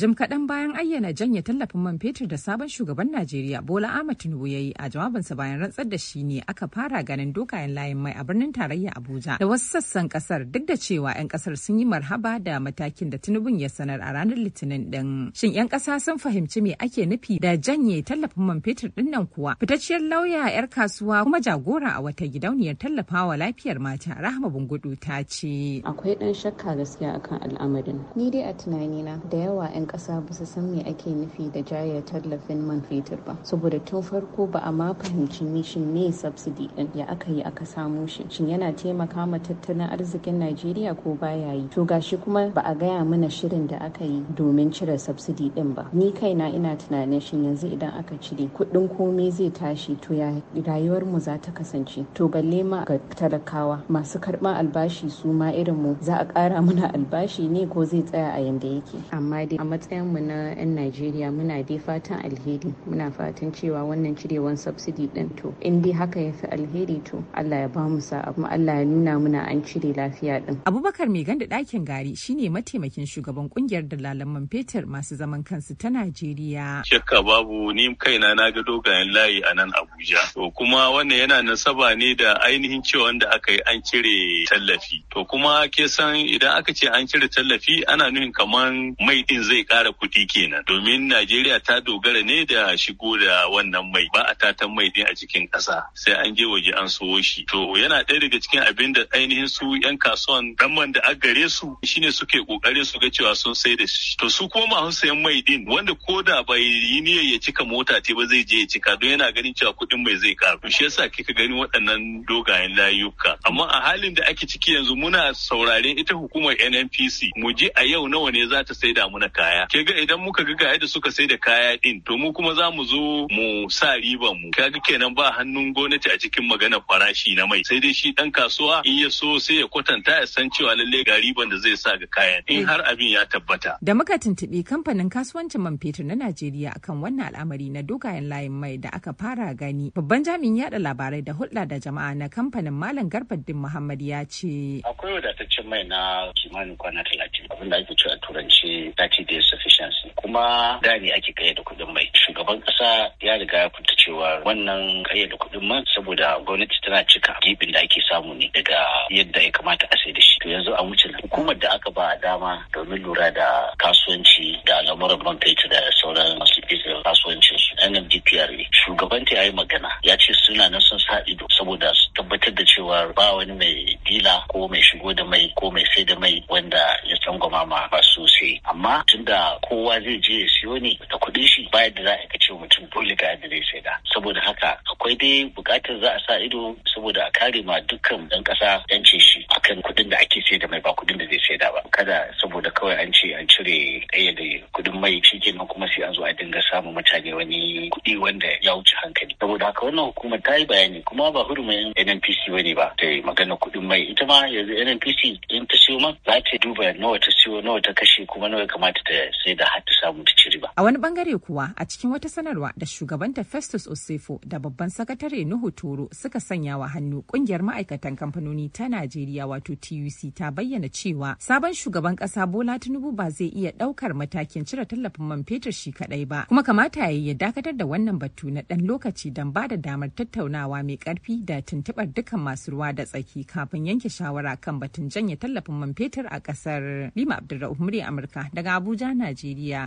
jim kaɗan bayan ayyana janye tallafin man fetur da sabon shugaban najeriya bola ahmad tinubu ya yi a jawabinsa bayan rantsar da shi ne aka fara ganin dokayen layin mai a birnin tarayya abuja da wasu sassan kasar duk da cewa 'yan kasar sun yi marhaba da matakin da tinubun ya sanar a ranar litinin din shin 'yan kasa sun fahimci me ake nufi da janye tallafin man fetur din kuwa fitacciyar lauya 'yar kasuwa kuma jagora a wata gidauniyar tallafawa lafiyar mata rahama bungudu ta ce akwai ɗan shakka gaskiya akan al'amarin ni dai a tunanina da yawa ƙasa ba su san me ake nufi da jaya tallafin man fetur ba saboda tun farko ba a ma fahimci mishin ne subsidy din ya aka yi aka samu shi shin yana taimaka ma tattalin arzikin Najeriya ko baya yi to gashi kuma ba a gaya mana shirin da aka yi domin cire subsidy din ba ni kai na ina tunanin shin yanzu idan aka cire kuɗin komai zai tashi to ya rayuwar mu za ta kasance to balle ma ga talakawa masu karɓan albashi su ma irin mu za a ƙara mana albashi ne ko zai tsaya a yanda yake amma dai matsayinmu na 'yan najeriya muna dai fatan alheri muna fatan cewa wannan cirewan subsidy din to in dai haka ya fi alheri to allah ya ba mu sa'a kuma allah ya nuna muna an cire lafiya din abubakar mai ganda ɗakin gari shine mataimakin shugaban kungiyar dalalan man fetur masu zaman kansu ta najeriya shakka babu ni kaina na ga dogayen layi a nan abuja to kuma wannan yana nasaba ne da ainihin cewa da aka yi an cire tallafi to kuma ke san idan aka ce an cire tallafi ana nuhin kamar mai din zai ƙara kuɗi kenan domin Najeriya ta dogara ne da shigo da wannan mai ba a tatan mai din a cikin ƙasa sai an je waje an sowo shi to yana ɗaya daga cikin abin da ainihin su 'yan kasuwan man da aka gare su shine suke ƙoƙarin su ga cewa sun sai da shi to su kuma masu sayan mai din wanda ko da bai yi niyyar ya cika mota ce ba zai je ya cika don yana ganin cewa kuɗin mai zai ƙaru shi yasa kika gani waɗannan dogayen layuka amma a halin da ake ciki yanzu muna sauraren ita hukumar NNPC mu je a yau nawa ne za ta saida muna kaya kaya ke ga idan muka ga yadda suka sai da kaya din to mu kuma za mu zo mu sa riban mu Ka ga kenan ba hannun gwamnati a cikin maganar farashi na mai sai dai shi dan kasuwa in ya so sai ya kwatanta ya san cewa lalle ga riban da zai sa ga kayan in eh. har abin ya tabbata da muka tuntubi kamfanin kasuwancin man fetur na Najeriya akan wannan al'amari na dogayen layin mai da aka fara gani babban jami'in yada labarai da hulɗa da jama'a na kamfanin Malam Garbaddin Muhammad ya ce akwai wadataccen mai na kimanin kwana 30 abinda ake cewa turanci 30 days self-sufficiency kuma da ne ake da kuɗin mai shugaban ƙasa ya riga ya fita cewa wannan kayyade kuɗin man saboda gwamnati tana cika gibin da ake samu ne daga yadda ya kamata a sai da shi to yanzu a wuce hukumar da aka ba dama domin lura da kasuwanci da al'amuran man fetur da sauran masu kasuwancin su NMDPR shugabanta ya yi magana ya ce suna nan sun sa ido saboda cewa ba wani mai dila ko mai shigo da mai ko mai sai da mai wanda ya tsangwama ma masu sosai. amma tunda kowa zai je ya siyo ne da kuɗin shi ba yadda za a ce mutum dole ga yadda zai sai da saboda haka akwai dai buƙatar za a sa ido saboda a kare ma dukkan ɗan ƙasa 'yancin shi kan kudin da ake sai da mai ba kudin da zai sai da ba kada saboda kawai an ce an cire ɗaya da kudin mai shikenan kuma sai an zo a dinga samun mutane wani kuɗi wanda ya wuce hankali saboda haka wannan hukumar ta yi bayani kuma ba hurumin NNPC bane ba ta magana kudin mai ita ma yanzu NNPC in ta siyo ma za ta duba nawa ta siyo nawa ta kashe kuma nawa kamata ta sai da har ta samu ta cire ba. A wani bangare kuwa a cikin wata sanarwa da shugabanta Festus Osefo da babban sakatare Nuhu Toro suka sanya wa hannu kungiyar ma'aikatan kamfanoni ta Najeriya wato tuc ta bayyana cewa sabon shugaban kasa bola tinubu ba zai iya daukar matakin cire tallafin man fetur shi kadai ba kuma kamata ya yi ya dakatar da wannan batu na dan lokaci don ba da damar tattaunawa mai karfi da tuntubar dukkan masu ruwa da tsaki kafin yanke shawara kan batun janye tallafin man fetur a kasar lima abdulrahman murya amurka daga abuja najeriya